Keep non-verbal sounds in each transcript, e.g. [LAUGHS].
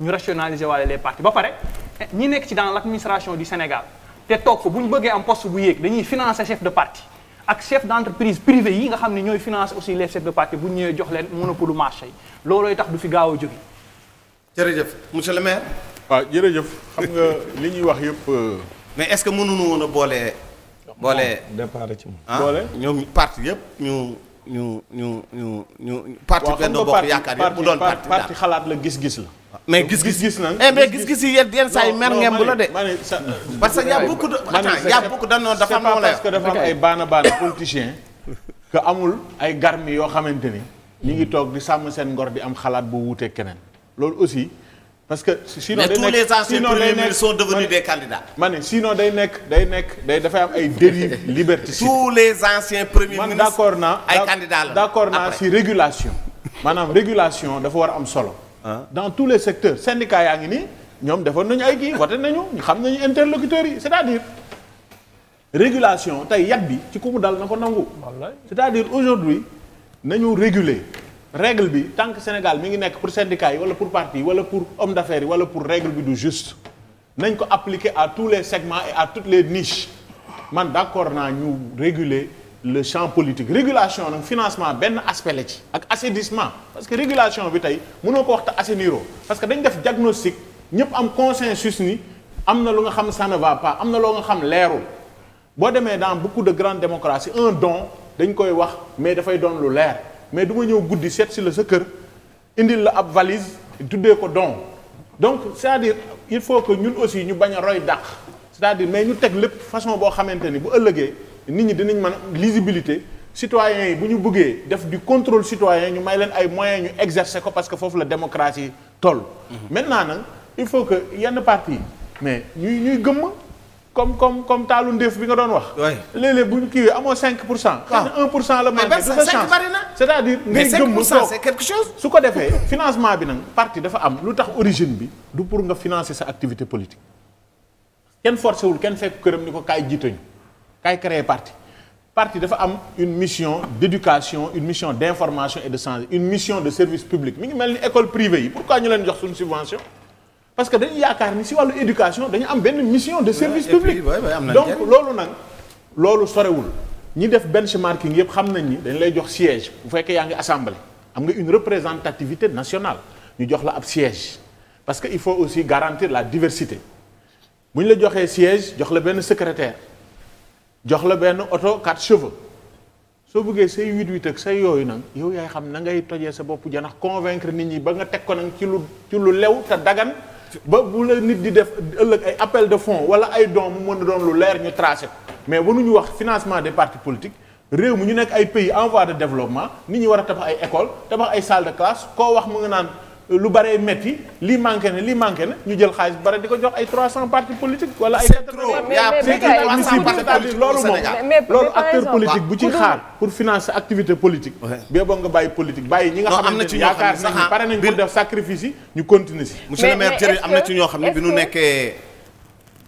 ñu rationaliser waale les partis ba pare ñi nekk ci dans la administration di Sénégal te toog bu ñu bëggee am post bu yéeg dañuy financer chef de parti ak chef d' entreprise privé yi nga xam ne ñooy financer aussi les chefs de parti bu ñu ñëwee jox leen monopole marché yi loolooy tax du fi gaaw a jóge. jërëjëf monsieur le maire. waaw ah, jërëjëf xam nga li ñuy wax yëpp. Euh, mais est ce que mënuñu woon a boole. boole ah, départ ci moom ah, boole ñoom parti yëpp ñu. ñu ñu ñu ñu parti benn bokk yaakaar yëpp mu doon xalaat la gis-gis mais gis-gis gis nañ eh, mais gis-gis yi yenn yenn saa yi mer ngeen bu parce que y' a beaucoup de a de non ay baana baana politiciens que amul ay garmi yoo xamante ni. ñu ngi toog di sàmm seen ngor di am xalaat bu wuuteeg keneen loolu aussi. parce que sinon day nekk mais tous les anciens premiers des candidats. ma ne sinon day nekk day nekk day dafay am ay dérives [LAUGHS] liberticides. tous les anciens premiers ministres man d' accord naa. ay candidats la d' naa si régulation. maanaam régulation dafa war a am solo. Ah. dans tous les secteurs syndicats yaa ngi nii ñoom defoon nañu ay kii wate nañu ñu xam nañu interlocuteurs yi c'est-à-dire régulation tey yat bi ci ku mu dal na ko nangu. c'est-à-dire aujourd'hui nañu réguler règle bi tanque que Sénégal mi ngi nekk pour syndicats yi wala pour parti yi wala pour homme d'affaires yi wala pour règle bi du juste nañ ko appliquer à tous les segments et à toutes les niches man d'accord naa ñu réguler. le champ politique régulation nag financement benn aspect ci ak assainissement parce que régulation bi tey mënoo ko wax te assainiroo parce que dañ def diagnostic ñëpp am consensus ni am na lu nga xam ça ne va pas am na loo nga xam leerul boo demee dans beaucoup de grandes démocraties un don dañ koy wax mais dafay doon lu leer mais du ma ñëw guddi seet si la sa kër indil la ab valise tuddee ko don donc c'est-à-dire il faut que ñun aussi ñu bañ a roy dàq cest à mais ñu teg lépp façon boo xamante ni bu ëllëgee nit ñi dinañ mën lisibilité citoyens yi bu ñu buggee def du contrôle citoyen ñu may leen ay moyens ñu exercer ko parce que foofu la démocratie toll. Mhm. maintenant nag il faut que yenn parti mais ñuy ñuy gëmm comme comme comme taalu ndéef bi nga doon wax. waay léeg-léeg bu ñu kiiwee amoo 5 pour cent. pour cent la manqué. mais benn 5 bari na c'est-à-dire ngay gëmm toog su ko defee financement bi nag parti dafa am lu tax origine bi du pour nga financer sa activité politique kenn forcé wul kenn fekk këram ni ko kaay jiitañu kaay créer parti parti dafa am une mission d'éducation une mission d'information et de santé une mission de service public mi ngi mel ni école privée yi pourquoi ñu leen jox suñu subvention parce que dañu yaakaar ni si wàllu éducation dañu am benn mission de service public donc loolu nag loolu sorewul ñi def benchmarking yëpp xam nañ ni dañ lay jox siège bu fekkee yaa ngi assemblée am nga une représentativité nationale ñu jox la ab siège parce que il faut aussi garantir la diversité bu ñu la joxee siège jox la benn secrétaire jox la benn oto quatre chevaux soo bëggee say huit huit ak say yooyu nag yow yaay xam na ngay tojee sa bopp janax convaincre nit ñi ba nga teg ko nag ci lu ci lu lew te dagan ba bu la nit di def ëllëg ay appel de fonds wala ay dons mu mën a doon lu leer ñu tracé ko mais wanuñu wax financement de partis politiques réew mu ñu nekk ay pays envoie de développement nit ñi war a tabax ay école tabax ay salle de classe koo wax mu nga naan lu baree metti lii manqué na lii manqué na ñu jël xaalis bare di ko jox ay 300 partis politiques wala ay. c'est trop mais loolu moom loolu acteur politique bu ci xaar pour financer activité politique. bee boo nga bàyyi politique bàyyi ñi nga. xamante ni yaakaar nañu pare nañu pour def sacrifice yi ñu continuer si. monsieur le maire Thierry am na ci ñoo xam ne bi nu nekkee.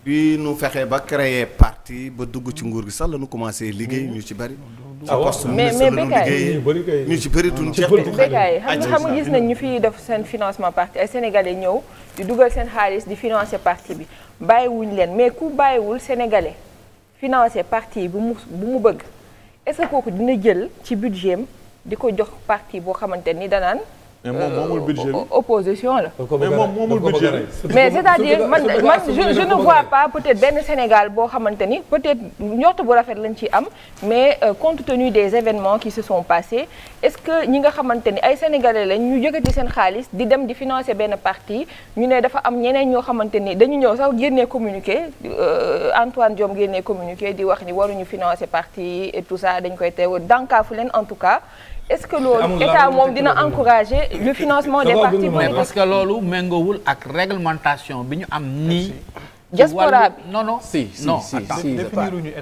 bi nu fexe ba créer parti ba dugg ci nguur gi sax la ñu commencé liggéey ñu ci bëri. ah waaw mais mais béykat ñu ci bëri duñ jeex. béykat xam xam gis nañ ñu fi def seen financement parti ay sénégalais ñëw di dugal seen xaalis di financer parti bi bàyyiwuñ leen mais ku bàyyiwul sénégalais financer parti bu mu bu mu bëgg est-ce kooku dina jël ci budget di ko jox parti boo xamante ni danaan. mais moom moomul budget la. Euh, mais moom mais c'est-à-dire man man je ne vois pas peut-être benn Sénégal boo xamante ni peut-être ñort bu rafet lañ ci am mais euh, conte tenu des événements qui se sont passés est-ce que ñi nga xamante ni ay sénégalais lañ ñu yëkkati seen xaalis di dem di financer benn partie ñu ne dafa am ñeneen ñoo xamante ni dañu ñëw sax génnee communiqué euh, Antoine Diome génnee communiqué di wax ni waruñu financer parti et tout ça dañ koy teew dànkaafu leen en tout cas. est-ce que loolu état moom dina encourager le financement des partis politiques parce que loolu méngoowul ak réglementation bi ñu am nii. diaspora bi non non. si si non attends définiruñu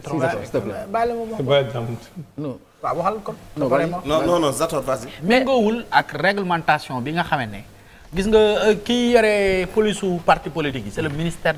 ak réglementation bi nga xamee ne. gis nga euh, kii yore police su parti politique yi c'est le ministère.